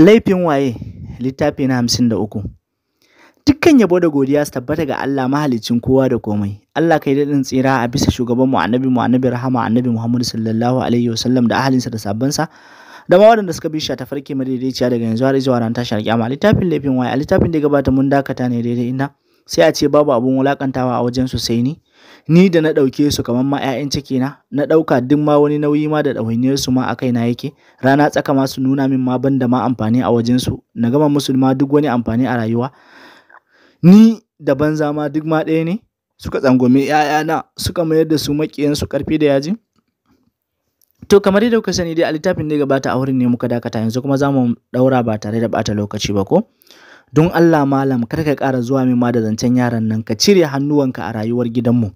Laifin waye? Littafi na hamsin da uku. Dukkan yabo da godiya su tabbata ga Allah mahalicin kowa da komai. Allah kai daɗin tsira a bisa shugaban mu annabi mu annabi rahama annabi Muhammadu sallallahu alaihi wasallam da ahalinsa da sabbansa da ma waɗanda suka bi shi a tafarki madaidaiciya daga yanzu har zuwa ran tashar A Littafin laifin waye? A littafin da ya gabata mun dakata ne daidai inda sai a ce babu abun wulakantawa a wajen su sai ni ni da na ɗauke su kamar ma 'ya'yan ciki na na ɗauka duk ma wani nauyi ma da ɗawainiyar su ma a kaina yake rana tsaka ma su nuna min ma banda ma amfani a wajen na gama musu duk wani amfani a rayuwa ni da banza ma duk ma ɗaya ne suka tsangwame 'ya'yana suka mayar da su maƙiyansu ƙarfi da yaji to kamar yadda kuka sani dai a littafin da gabata a wurin ne muka dakata yanzu kuma za mu ɗaura ba tare da bata lokaci ba ko don Allah malam kar ka ƙara zuwa min ma da zancen yaran nan ka cire hannuwanka a rayuwar gidanmu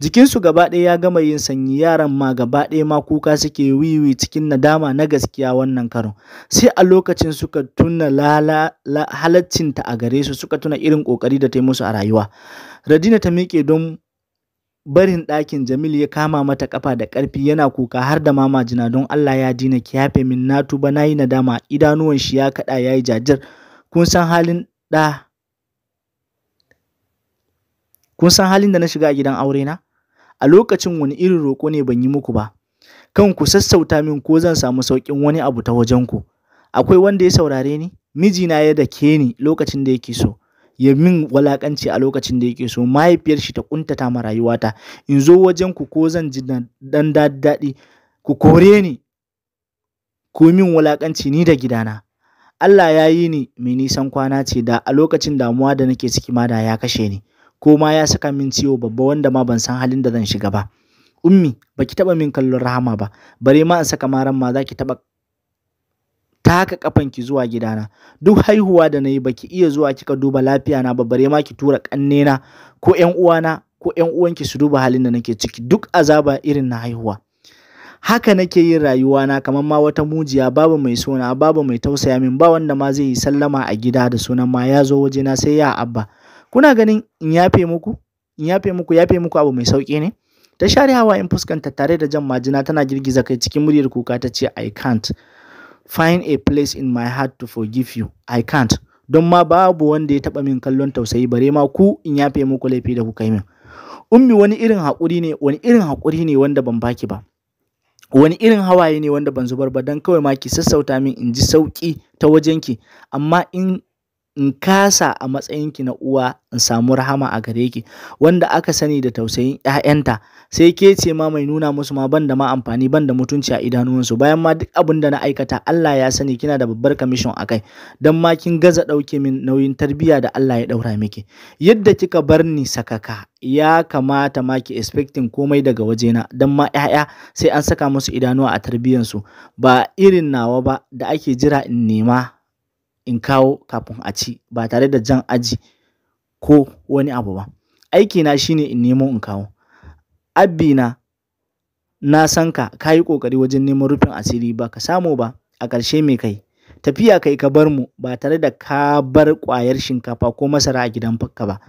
jikinsu gaba ɗaya ya gama yin sanyi yaran ma gaba ɗaya ma kuka suke wiwi cikin nadama na gaskiya wannan karon sai a lokacin suka tuna halaccinta a gare su suka tuna irin ƙoƙari da ta yi musu a rayuwa radina ta miƙe don barin ɗakin Jamilu ya kama mata ƙafa da ƙarfi yana kuka har da mama jina don Allah ya dina "kiyafe yafe min na tuba na yi nadama idanuwan shi ya kaɗa ya yi jajir kun san halin ɗa kun san halin da na shiga gidan aure na a lokacin wani irin roƙo ne ban yi muku ba kan ku sassauta min ko zan samu sauƙin wani abu ta wajen ku akwai wanda ya saurare ni mijina ya ke ni lokacin da yake so ya min walakanci a lokacin da yake so mahaifiyar shi ta kuntata ma rayuwata in zo wajen ku ko zan ji dan daɗi ku kore ni ku min walakanci ni da gidana Allah ya yi ni mai nisan kwana ce da a lokacin damuwa da nake ciki ma da ya kashe ni ko ma ya saka min ciwo babba wanda ma ban san halin da zan shiga ba ummi baki taba min kallon rahama ba bare ma in saka maran ma zaki taba taka kafanki zuwa gidana duk haihuwa da nayi baki iya zuwa kika duba lafiya na ba bare ma ki tura kanne na ko 'yan uwana ko 'yan uwanki su duba halin da nake ciki duk azaba irin na haihuwa haka nake yin rayuwa na kamar ma wata mujiya babu mai suna, babu mai tausaya min ba wanda ma zai yi sallama a gida da sunan ma ya zo wajena sai ya abba kuna ganin in yafe muku in yafe muku yafe muku abu mai sauki ne ta share hawa in fuskanta tare da jan majina tana girgiza kai cikin muryar kuka ta ce i can't find a place in my heart to forgive you i can't don ma babu wanda ya taba min kallon tausayi bare ma ku in yafe muku laifi da kuka yi min ummi wani irin haƙuri ne wani irin haƙuri ne wanda ban baki ba wani irin hawaye ne wanda ban zubar ba don kawai ma ki sassauta min in ji sauƙi ta wajenki amma in in kasa a matsayinki na uwa in samu rahama a gare ki wanda aka sani da tausayin ƴaƴanta sai ke ce ma mai nuna musu ma ban da ma amfani ban da mutunci a idanuwansu bayan ma duk abin da na aikata Allah ya sani kina da babbar commission a kai dan ma kin gaza ɗauke min nauyin tarbiyya da Allah ya ɗaura miki yadda kika bar ni sakaka ya kamata ma ki expecting komai daga wajena dan ma ƴaƴa sai an saka musu idanuwa a tarbiyyansu ba irin nawa ba da ake jira in nema in kawo kafin a ci ba tare da jan aji ko wani abu ba aiki na shine in nemo in kawo abbi na na san ka ka yi ƙoƙari wajen neman rufin asiri ba ka samu ba a ƙarshe me kai tafiya kai ka bar mu ba tare da ka bar ƙwayar shinkafa ko masara a gidan fakka ba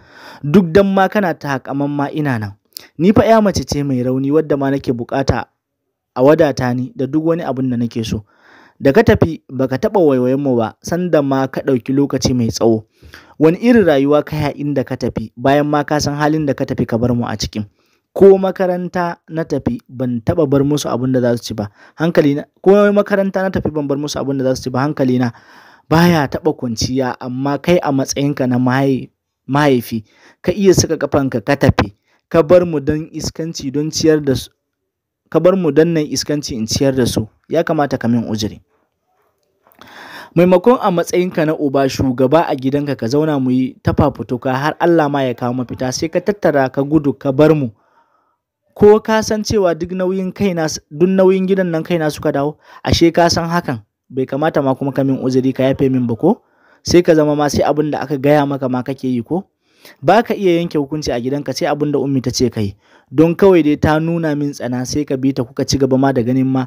duk dan ma kana ta hakaman ma ina nan ni fa ya mace ce mai rauni wadda ma nake bukata a wadata ni da duk wani abin da nake so da ka tafi baka taɓa waiwayen mu ba sanda ma ka ɗauki lokaci mai tsawo wani irin rayuwa ka ya inda ka tafi bayan ma ka san halin da ka tafi ka bar mu a cikin ko makaranta na tafi ban taɓa bar musu abin da za su ci ba hankali na ko makaranta na tafi ban bar musu abin da za su ci ba hankali baya taɓa kwanciya amma kai a matsayinka na mahaifi ka iya saka kafanka ka tafi ka bar mu don iskanci don ciyar da ka bar mu dannan iskanci in ciyar da su ya kamata ka min ujiri maimakon a matsayinka na uba shugaba a gidanka ka zauna mu yi tafafutuka har Allah ma ya kawo mafita sai ka tattara ka gudu ka bar mu ko ka san cewa duk nauyin kaina duk nauyin gidan nan kaina suka dawo ashe ka san hakan bai kamata ma kuma ka min uzuri ka yafe min ba ko sai ka zama ma sai abin da aka gaya maka ma kake yi ko ba ka iya yanke hukunci a gidanka sai abin da ummi ta ce kai don kawai dai ta nuna min tsana sai ka bi ta kuka ci gaba ma da ganin ma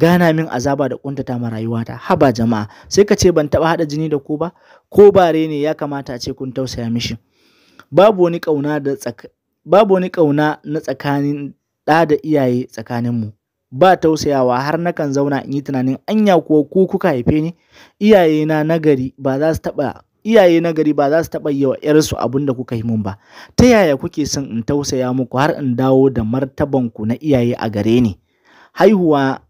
gana min azaba da kuntata ma rayuwata haba jama'a sai ka ce ban taba hada jini da ku ba ko bare ne ya kamata a ce kun tausaya mishi babu wani kauna da babu wani kauna na tsakanin da da iyaye tsakanin mu ba tausayawa har nakan zauna in yi tunanin anya ko ku kuka haife ni iyayena na nagari ba za su taba iyaye na gari ba za su taɓa yi wa ‘yarsu abin da kuka yi mun ba, ta yaya kuke son in tausaya muku har in dawo da martabanku na iyaye a gare ni, haihuwa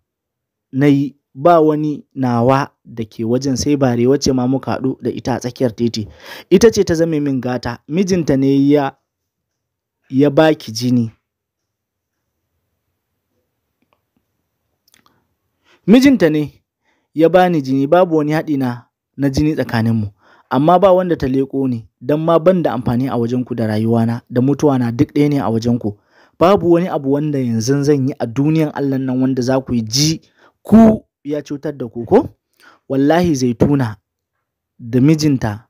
na yi ba wani nawa da ke wajen sai bare wacce ma muka haɗu da ita a tsakiyar titi, ita ce ta zame min gata, mijinta ne ya, ya baki jini. Mijinta ne ya bani jini babu wani haɗi na na jini tsakaninmu. amma ba wanda ta leƙo ni don ma ban da amfani a wajenku da rayuwana da mutuwana duk ɗaya ne a wajenku babu wani abu wanda yanzu zan yi a duniyan Allah nan wanda za ku yi ji ku ya cutar da ku ko wallahi zaituna da mijinta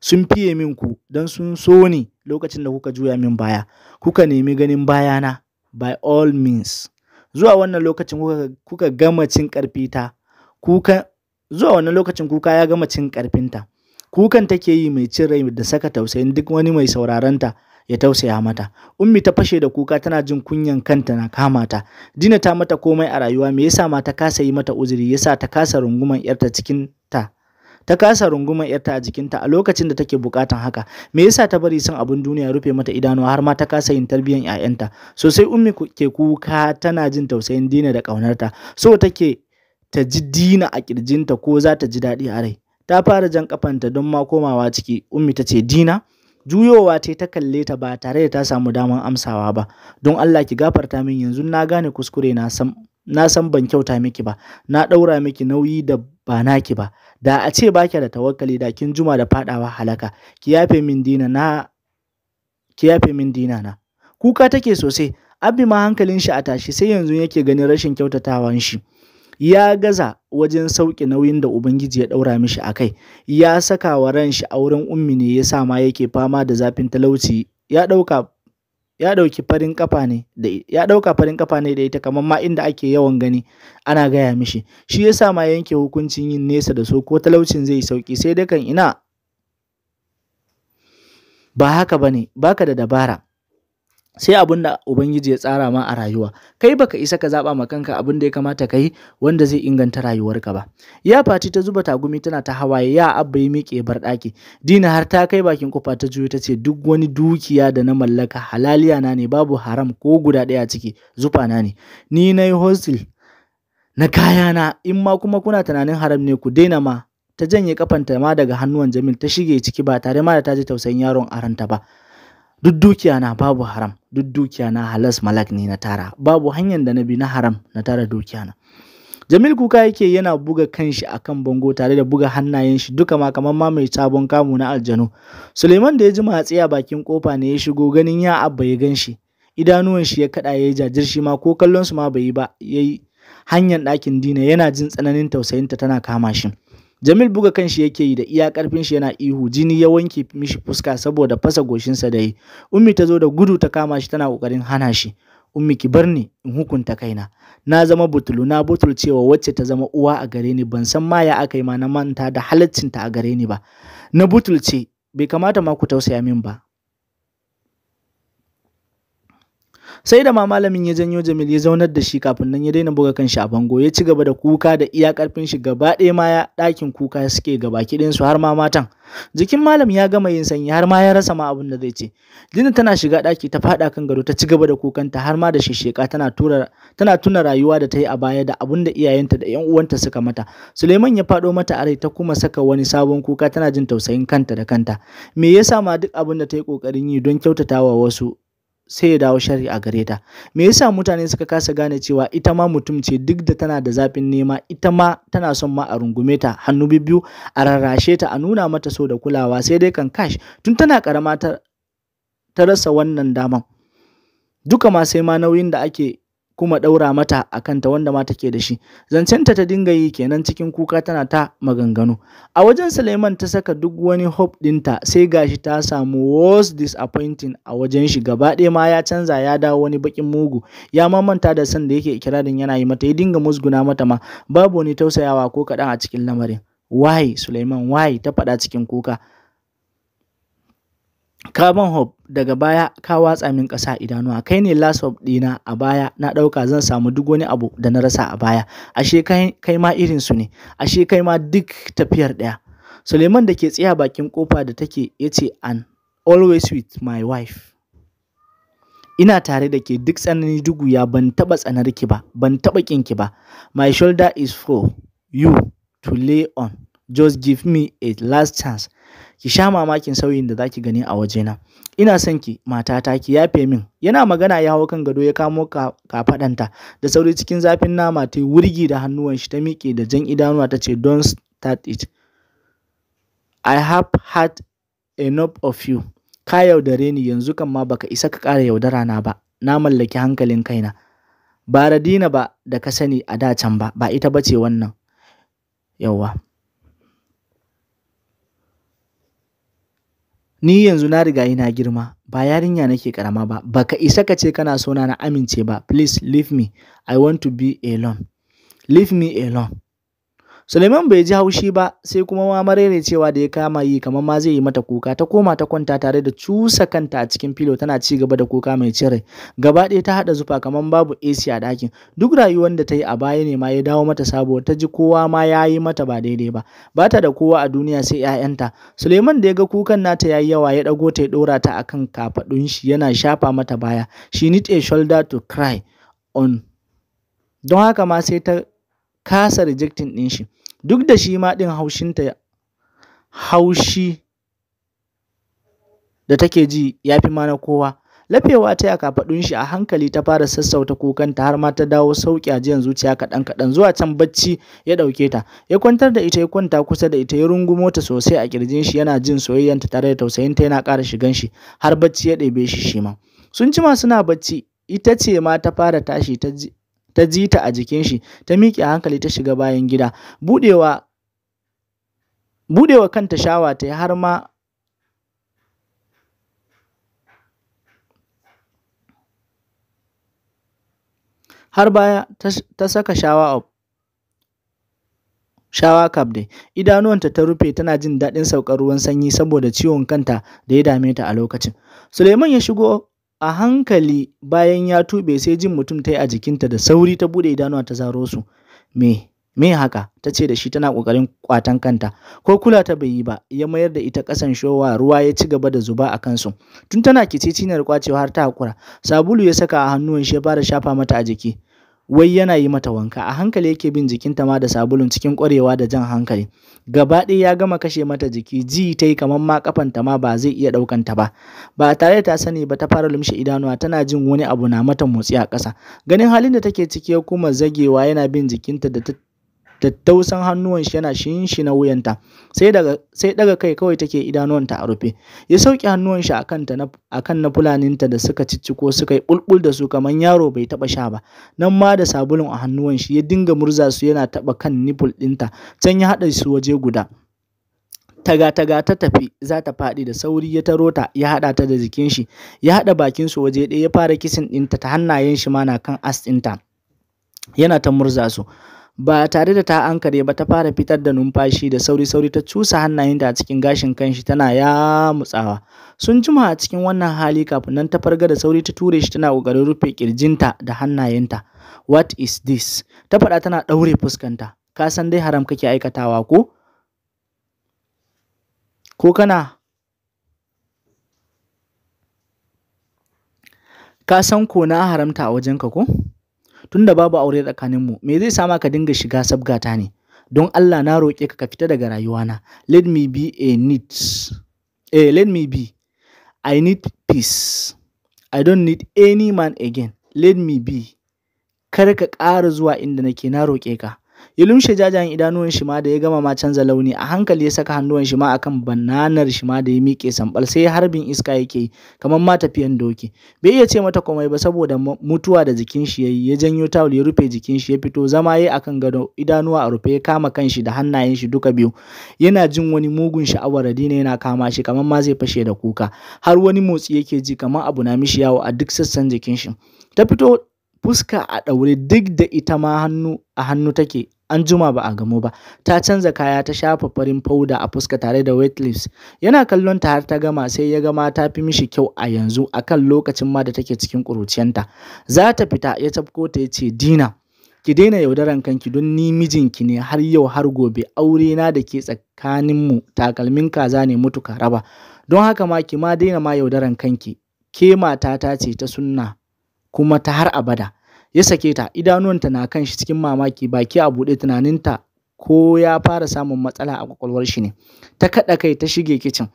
sun fiye min ku don sun so ni lokacin da kuka juya min baya kuka nemi ganin bayana by all means zuwa wannan lokacin kuka, gama cin ta kuka zuwa wannan lokacin kuka ya gama cin karfinta kukan take yi mai cin rai da saka tausayin duk wani mai sauraron ta ya tausaya mata ummi ta fashe da kuka tana jin kunyan kanta na kama ta dina ta mata komai a rayuwa me yasa ma ta kasa yi mata uzuri yasa ta kasa runguman yarta cikin ta ta kasa runguman yarta a jikinta a lokacin da take bukatan haka me yasa ta bari son abin duniya rufe mata idanu har ma ta kasa yin tarbiyan 'ya'yanta? sosai ummi ke kuka tana jin tausayin dina da ta. so take ta ji dina a kirjinta ko za ta ji daɗi a rai ta fara jan kafanta don ma komawa ciki ummi ta ce dina juyowa ta ta kalle ta ba tare da ta samu daman amsawa ba don Allah ki gafarta min yanzu na gane kuskure na san na san ban kyauta miki ba na daura miki nauyi da ba naki ba da a ce baki da tawakkali da kin juma da fadawa halaka ki yafe min dina na ki yafe min dina na kuka take sosai abbi ma hankalin shi a tashi sai yanzu yake ganin rashin kyautatawan shi ya gaza wajen sauƙi nauyin da Ubangiji ya ɗaura mishi a kai, ya saka wa ranshi auren ummi ne ya sa ma yake fama da zafin talauci, ya ɗauka ɗauki farin kafa ne da ita kamar ma inda ake yawan gani ana gaya mishi shi sa ma yanke hukuncin yin nesa da su ko talaucin zai sauki sai dai ina ba haka ba ne baka da dabara sai abin da ubangiji ya tsara ma a rayuwa kai baka isa ka zaɓa ma kanka abin da ya kamata ka yi wanda zai inganta rayuwarka ba ya fati ta zuba tagumi tana ta hawaye ya abba ya miƙe bar ɗaki dina har ta kai bakin kofa ta juyo ta ce duk wani dukiya da na mallaka halaliya na ne babu haram ko guda ɗaya ciki zufa na ne ni na yi hostel na kayana in ma kuma kuna tunanin haram ne ku daina ma ta janye kafanta ma daga hannuwan Jamil ta shige ciki ba tare ma da ta ji tausayin yaron aranta ba duk dukiya na babu haram duk dukiya na halas malak ne na tara babu hanyar da na bi na haram na tara dukiya na Jamil kuka yake yana buga kanshi a kan bango tare da buga hannayen shi duka ma kamar ma mai sabon kamu na aljanu Suleiman da ya ji matsi a bakin kofa ne ya shigo ganin ya abba ya gan shi idanuwan shi ya kada ya jajir shi ma ko kallon su ma bai yi ba yayi hanyar ɗakin dina yana jin tsananin tausayinta tana kama shi Jamil buga kan shi yake yi da iya karfin shi yana ihu jini ya wanke mishi fuska saboda fasa goshinsa da yi. Ummi ta zo da gudu ta kama shi tana kokarin hana shi. Ummi ki barni in hukunta kaina. Na zama butulu na cewa wacce ta zama uwa a gare ni ban san ma ya aka yi ma na manta da halaccinta a gare ni ba. Na butulce bai kamata ma ku tausaya min ba sai da ma malamin ya janyo Jamil ya zaunar da shi kafin nan ya daina buga kanshi a bango ya ci gaba da kuka da iya karfin shi gaba ɗaya ma ya ɗakin kuka suke gaba kiɗin su har ma matan jikin malam ya gama yin sanyi har ma ya rasa ma abin da zai ce Lina tana shiga ɗaki ta faɗa kan gado ta ci gaba da kukanta har ma da shisheka tana tura tana tuna rayuwa da ta yi a baya da abin da iyayenta da 'yan uwanta suka mata Suleiman ya faɗo mata a rai ta kuma saka wani sabon kuka tana jin tausayin kanta da kanta me yasa ma duk abin da ta yi ƙoƙarin yi don kyautatawa wasu sai ya dawo shari a gare ta me yasa mutane suka kasa gane cewa ita ma mutum ce duk da tana da zafin nema ita ma tana son ma a rungume ta hannu biyu a rarrashe ta a nuna mata so da kulawa sai dai kan kash tun tana karama ta, ta rasa wannan daman duka ma sai ma nauyin da ake kuma ɗaura mata a kanta wanda ma take da shi zancenta ta dinga yi kenan cikin kuka tana ta maganganu a wajen suleiman ta saka duk wani hope ɗinta sai gashi ta samu was disappointing a wajen shi gaba ɗaya ma ya canza ya dawo wani bakin mugu ya ma manta da san da yake ikirarin yana yi mata ya dinga musguna mata ma babu wani tausayawa ko kaɗan a cikin lamarin why suleiman why ta faɗa cikin kuka Carbon hop daga baya ka watsa min ƙasa idanuwa, kai ne last ɗina a baya na ɗauka zan samu duk wani abu da na rasa a baya, ashe kai ma irin su ne, ashe kai ma duk tafiyar ɗaya. Suleiman da ke tsaya bakin ƙofa da take ya ce An always with my wife. Ina tare da ke duk tsanani duguya ban taɓa tsanar ki ba, ban taɓa ƙinki ba. My shoulder is for you to lay on. Just give me a last chance. Ki sha mamakin sauyin da zaki gani a wajena. Ina son ki, matata ki yafe min. Yana magana ya hau kan gado ya kamo ka kafaɗanta da sauri cikin zafin nama ta wurgi da hannuwan shi ta miƙe da jan idanuwa ta ce don't start it. I have had enough of you. Ka yaudare ni yanzu kan ma baka isa ka ƙara yaudara na ba. Na mallaki hankalin kaina. Ba Radina ba da ka sani a da can ba, ba ita ba ce wannan. Yawwa. ni yanzu na riga ina girma ba yarinya nake karama ba baka isa ka ce kana so na na amince ba please leave me i want to be alone leave me alone Suleiman bai ji haushi ba sai kuma ma marere cewa da ya kama yi kamar ma zai yi mata kuka ta koma ta kwanta tare da cusa kanta a cikin filo tana ci gaba da kuka mai cire gaba ɗaya ta haɗa zufa kamar babu AC a ɗakin duk rayuwar da ta yi a baya ne ma ya dawo mata sabuwar ta ji kowa ma ya yi mata ba daidai ba ba ta da kowa a duniya sai 'ya'yanta Suleiman da ya ga kukan nata ya yi yawa ya ɗago ta ya ɗora ta akan kafaɗun shi yana shafa mata baya she need a shoulder to cry on don haka ma sai ta kasa rejecting ɗin shi duk da shi ma ɗin haushinta haushi da take ji ya fi mana kowa lafewa ta ya kafaɗun shi a hankali ta fara sassauta kukanta har ma ta dawo sauƙi a jiyan zuciya kaɗan kaɗan zuwa can bacci ya ɗauke ta ya kwantar da ita ya kwanta kusa da ita ya rungumo ta sosai a kirjin shi yana jin soyayyanta tare da tausayinta yana ƙara shigan shi har bacci ya ɗebe shi shi ma sun jima suna bacci ita ce ma ta fara tashi ta ji ta ji ta a jikin shi ta miƙe a hankali ta shiga bayan gida budewa budewa kanta shawa ta har ma har baya ta saka shawa a shawa dai idanuwanta ta rufe tana jin daɗin saukar ruwan sanyi saboda ciwon kanta da ya dame ta a lokacin suleiman ya shigo A hankali bayan ya tube sai jin mutum ta yi a jikinta da sauri ta bude idanuwa ta zaro su. Me, me haka? Ta ce da shi tana kokarin kwatan kanta. Ko kula ta bai yi ba, ya mayar da ita ƙasan showa ruwa ya ci gaba da zuba a kansu. Tun tana kice-cine cinar kwacewa har ta hakura Sabulu ya saka a hannuwan shi ya fara shafa mata a jiki. wai yana yi mata wanka a hankali yake bin jikinta ma da sabulun cikin ƙwarewa da jan hankali gaba ɗaya ya gama kashe mata jiki ji ta yi kamar ma kafanta ma ba zai iya ɗaukanta ba ba tare da ta sani ba ta fara lumshe idanuwa tana jin wani abu na mata motsi a ƙasa ganin halin da take ciki ya kuma zagewa yana bin jikinta da tattausan hannuwanshi yana na wuyanta sai daga sai daga kai kawai take idanuwanta a rufe ya sauke hannuwanshi akan ta na akan na fulaninta da suka cicciko suka yi bulbul da su kamar yaro bai taba sha ba nan ma da sabulun a hannuwan shi ya dinga murza su yana taba kan nipple dinta, can ya hada su waje guda taga-taga ta tafi za ta faɗi da sauri ya taro ta ya haɗa ta da jikin shi ya haɗa bakin su waje ɗaya ya fara kisin ɗinta ta hannayen shi ma na kan as ɗinta yana ta murza su ba tare da ta ankare ba ta fara fitar da numfashi da sauri-sauri ta cusa hannayenta a cikin gashin kanshi tana ya mutsawa sun jima a cikin wannan hali kafin nan ta farga da sauri ta ture shi tana ƙoƙarin rufe ƙirjinta da hannayenta what is this ta faɗa tana ɗaure fuskanta ka san dai haram kake aikatawa ko ko kana ka san ko na haramta a wajenka ko tunda babu aure tsakaninmu me zai sama ka dinga shiga sabgata ne don Allah na roƙe ka ka fita daga rayuwana let me be a need eh let me be I need peace I don't need any man again let me be kar ka ƙara zuwa inda nake na roƙe ka ya lumshe jajayen idanuwan shi ma da ya gama ma canza launi a hankali ya saka hannuwan shi ma akan bananar shi da ya miƙe sambal sai harbin iska yake yi kamar ma tafiyan doki bai iya ce mata komai ba saboda mutuwa da jikin shi yayi ya janyo tawul ya rufe jikin shi ya fito zama yayi akan gado idanuwa a rufe ya kama kanshi da hannayen shi duka biyu yana jin wani mugun sha'awar dina yana kama shi kamar ma zai fashe da kuka har wani motsi yake ji kamar abu na mishi yawo a duk sassan jikin shi ta fito fuska a ɗaure duk da ita ma hannu a hannu take an juma ba a gamu ba ta canza kaya ta shafa farin fauda a fuska tare da wet lips yana kallon ta har ta gama sai ya gama ta fi mishi kyau a yanzu akan lokacin ma da take cikin ƙuruciyanta za ta fita ya tafko ta ya ce dina ki daina yaudaran kanki don ni mijinki ne har yau har gobe aure na da ke tsakaninmu takalmin kaza ne mutuka raba don haka ma ki ma daina ma yaudaran kanki ke matata ce ta sunna kuma ta har abada ya sake ta idanuwanta na kan shi cikin mamaki baki a buɗe tunaninta ko ya fara samun matsala a kwakwalwar shi ne ta kaɗa kai ta shige kicin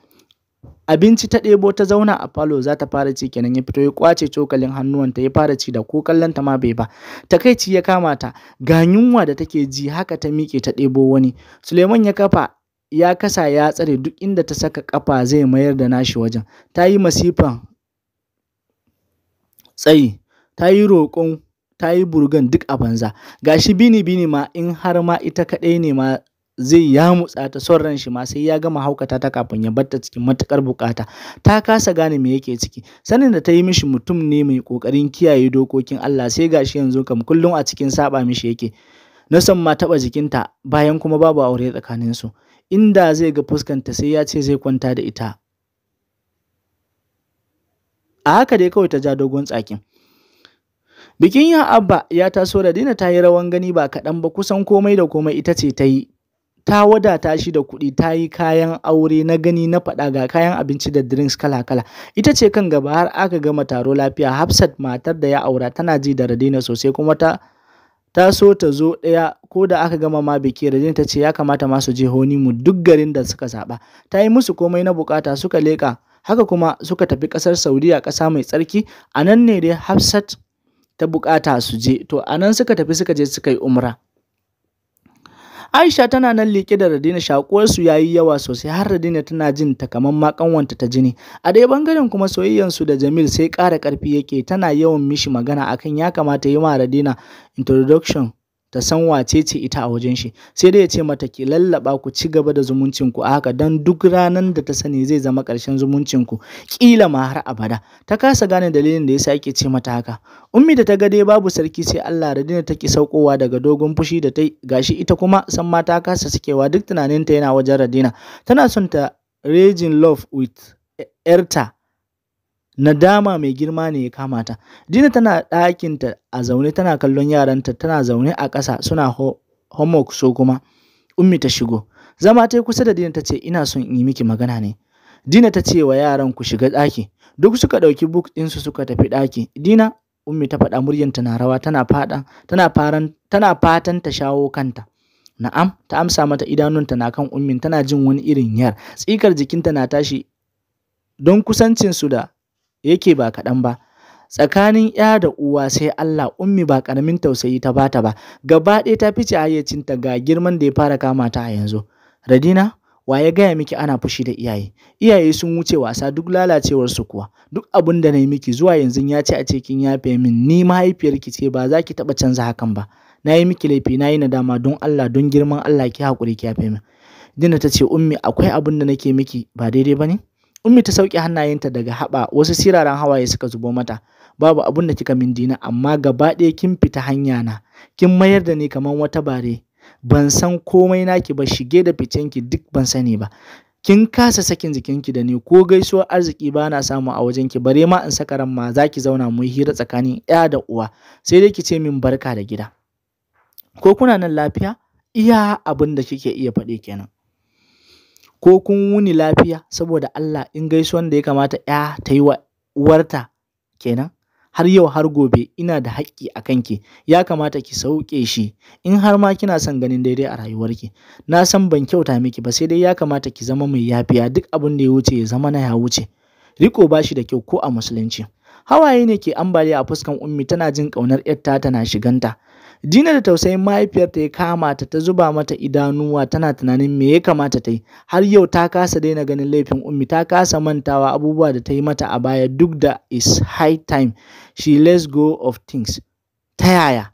abinci ta ɗebo ta zauna a falo za ta fara ci kenan ya fito ya kwace cokalin hannuwanta ya fara ci da ko kallon ta ma bai ba takaici ya kama ta ga yunwa da take ji haka ta miƙe ta ɗebo wani suleiman ya kafa ya kasa ya tsare duk inda ta saka kafa zai mayar da nashi wajen ta yi masifan tsayi ta yi roƙon ta yi burgan duk a banza gashi bini bini ma in har ma ita kaɗai ne ma zai mutsa ta son ran shi ma sai ya gama haukata ta kafin ya batta cikin matukar bukata ta kasa gane me yake ciki sanin da ta yi mishi mutum ne mai kokarin kiyaye dokokin Allah sai gashi yanzu kam kullum a cikin saba mishi yake na san ma taba jikinta bayan kuma babu aure tsakanin su inda zai ga fuskanta sai ya ce zai kwanta da ita a haka dai kawai ta ja dogon tsakin Bikin yin Abba ya taso da Dina ta yi rawan gani ba kaɗan ba kusan komai da komai ita ce ta yi. Ta wadata shi da kuɗi ta yi kayan aure na gani na faɗa ga kayan abinci da drinks kala-kala. Ita ce kan gaba har aka gama taro lafiya Hafsat matar da ya aura tana ji da Radina sosai kuma ta ta so ta zo ɗaya ko da aka gama ma biki Radina ta ce ya kamata ma su je mu duk garin da suka zaɓa. Ta yi musu komai na bukata suka leƙa haka kuma suka tafi ƙasar Saudiya ƙasa mai tsarki a nan ne dai Hafsat ta bukata su je to a nan suka tafi suka je suka yi umra Aisha tana nan liƙe da Radina shakuwar su yayi yawa sosai har Radina tana jin ta kaman ma kanwanta ta jini. A dai bangaren kuma soyayyan su da Jamil sai ƙara ƙarfi yake tana yawan mishi magana akan ya kamata yi ma Radina introduction ta san wace ce ita a wajen shi sai dai ya ce mata ki lallaba ku ci gaba da zumuncin ku a haka dan duk ranar da ta sani zai zama ƙarshen zumuncin ku kila ma har abada ta kasa gane dalilin da yasa ake ce mata haka ummi da ta ga dai babu sarki sai Allah radina ta ki saukowa daga dogon fushi da ta gashi ita kuma san ma ta kasa sukewa duk tunaninta yana wajen radina tana son ta raging love with erta nadama mai girma ne ya kama ta dina tana ɗakinta a zaune tana kallon yaranta tana zaune a ƙasa suna homework so kuma ummi ta shigo zama ta kusa da dina ta ce ina son in yi miki magana ne dina ta ce wa yaran ku shiga ɗaki duk suka ɗauki book ɗinsu suka tafi ɗaki dina ummi ta faɗa muryan ta na rawa tana faɗa tana faran tana fatan ta shawo kanta na'am ta amsa mata idanunta na kan ummin tana jin wani irin yar tsikar jikinta na tashi don kusancinsu da yake ba kaɗan ba tsakanin ya da uwa sai Allah ummi ba ƙaramin tausayi ta bata ba gaba ɗaya ta fice hayyacinta ga girman da ya fara kama ta a yanzu radina wa ya gaya miki ana fushi da iyaye iyaye sun wuce wasa duk lalacewar su kuwa duk abin da na yi miki zuwa yanzu ya ce a ce kin yafe min ni mahaifiyarki ce ba za ki taɓa canza hakan ba na yi miki laifi na yi nadama don Allah don girman Allah ki haƙuri ki yafe min Dina ta ce ummi akwai abin da nake miki ba daidai ba ne? Ummi ta sauke hannayenta daga haɓa wasu siraran hawaye suka zubo mata. Babu abin da kika min dina amma gaba ɗaya kin fita hanya na. Kin mayar da ni kamar wata bare. Ban san komai naki ba shige da ficen ki duk ban sani ba. Kin kasa sakin jikin ki da ni ko gaisuwar arziki ba na samu a wajen ki? bare ma in saka ran ma za ki zauna mu hira tsakanin ɗaya da uwa sai dai ki ce min barka da gida. Ko kuna nan lafiya? Iya abin da kike iya faɗi kenan. ko kun wuni lafiya saboda Allah in gaisuwan da ya kamata ya ta yi wa uwarta kenan har yau har gobe ina da haƙƙi a kanki ya kamata ki sauke shi in har ma kina son ganin daidai a rayuwarki na san ban kyauta miki ba sai dai ya kamata ki zama mai yafiya duk abin da ya wuce ya zama na ya wuce riko ba shi da kyau ko a musulunci hawaye ne ke ambaliya a fuskan ummi tana jin ƙaunar yarta tana shiganta Dina da tausayin mahaifiyarta ya kama ta ta zuba mata idanuwa tana tunanin me ya kamata ta yi. Har yau ta kasa daina ganin laifin Ummi ta kasa mantawa abubuwa da ta yi mata a baya duk da is high time she lets go of things. Ta yaya?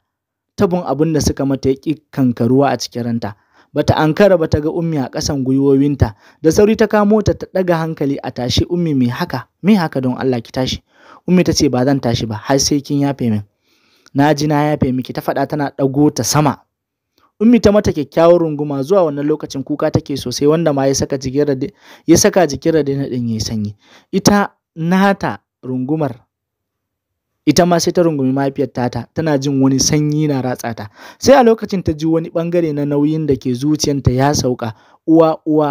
Tabin abin da suka mata ya ƙi kankaruwa a cikin ranta. Bata ankara bata ga Ummi a ƙasan gwiwowinta da sauri ta kamo ta ta ɗaga hankali a tashi Ummi me haka? Me haka don Allah ki tashi? Ummi ta ce ba zan tashi ba har sai kin yafe min. na ji na yafe miki ta faɗa tana ɗago ta sama ummi ta mata kyakkyawar runguma zuwa wannan lokacin kuka take sosai wanda ma ya saka jikin ya saka jikin rade yayi sanyi ita nata rungumar ita ma sai ta rungumi mahaifiyar tata tana jin wani sanyi na ratsa ta sai a lokacin ta ji wani bangare na nauyin da ke zuciyanta ya sauka uwa uwa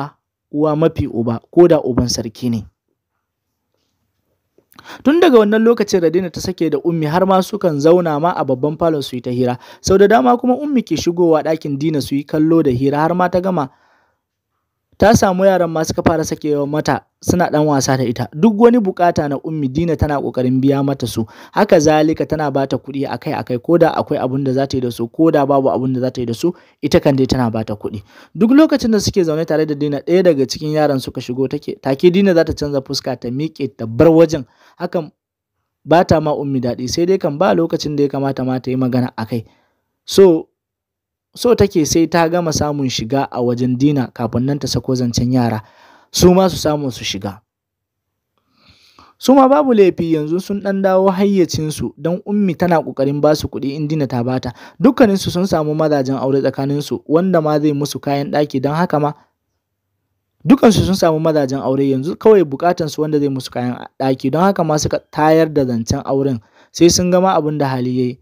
uwa mafi uba ko da uban sarki ne tun daga wannan lokacin Radina ta sake da Ummi har ma sukan zauna ma a babban falon su yi ta hira sau da dama kuma Ummi ke shigowa ɗakin Dina su yi kallo da hira har ma ta gama ta samu yaran ma suka fara sakewa mata suna ɗan wasa da ita duk wani bukata na ummi dina tana kokarin biya mata su haka zalika tana bata kuɗi akai akai koda akwai abun da za ta yi da su koda babu abun da za ta yi da su ita kan dai tana bata kuɗi duk lokacin da suke zaune tare da dina ɗaya daga cikin yaran suka shigo take take dina za ta canza fuska ta miƙe ta bar wajen hakan bata ma ummi daɗi sai dai kan ba lokacin da ya kamata ma ta yi magana akai so so take sai ta gama samun shiga a wajen dina kafin nan ta sako zancen yara su ma su samu su shiga Suma babu laifi yanzu sun dan dawo hayyacinsu don ummi tana kokarin ba su kuɗi in dina ta bata dukkaninsu sun samu mazajen aure tsakaninsu wanda ma zai musu kayan ɗaki don haka ma su sun samu mazajen aure yanzu kawai bukatansu wanda zai musu kayan ɗaki don haka ma suka tayar da zancen auren sai sun gama abin da hali yayi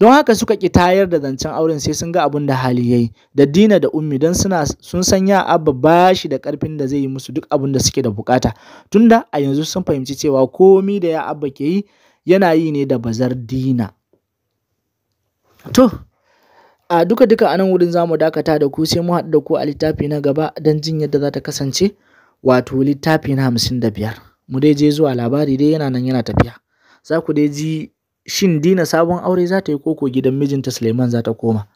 Don haka suka ƙi tayar da zancen auren sai sun ga abin da hali ya yi da Dina da Ummi don suna sun san ya Abba ba shi da ƙarfin da zai yi musu duk abin da suke da bukata. Tunda a yanzu sun fahimci cewa komi da ya Abba ke yi yana yi ne da bazar Dina. To, a duka duka anan wurin zamu dakata da ku sai mu haɗu da ku a littafi na gaba don jin yadda za ta kasance wato littafi na hamsin da biyar. Mu dai je zuwa labari dai yana nan yana tafiya. Za ku dai ji shin Dina sabon aure za ta yi koko gidan mijinta Suleiman za ta koma?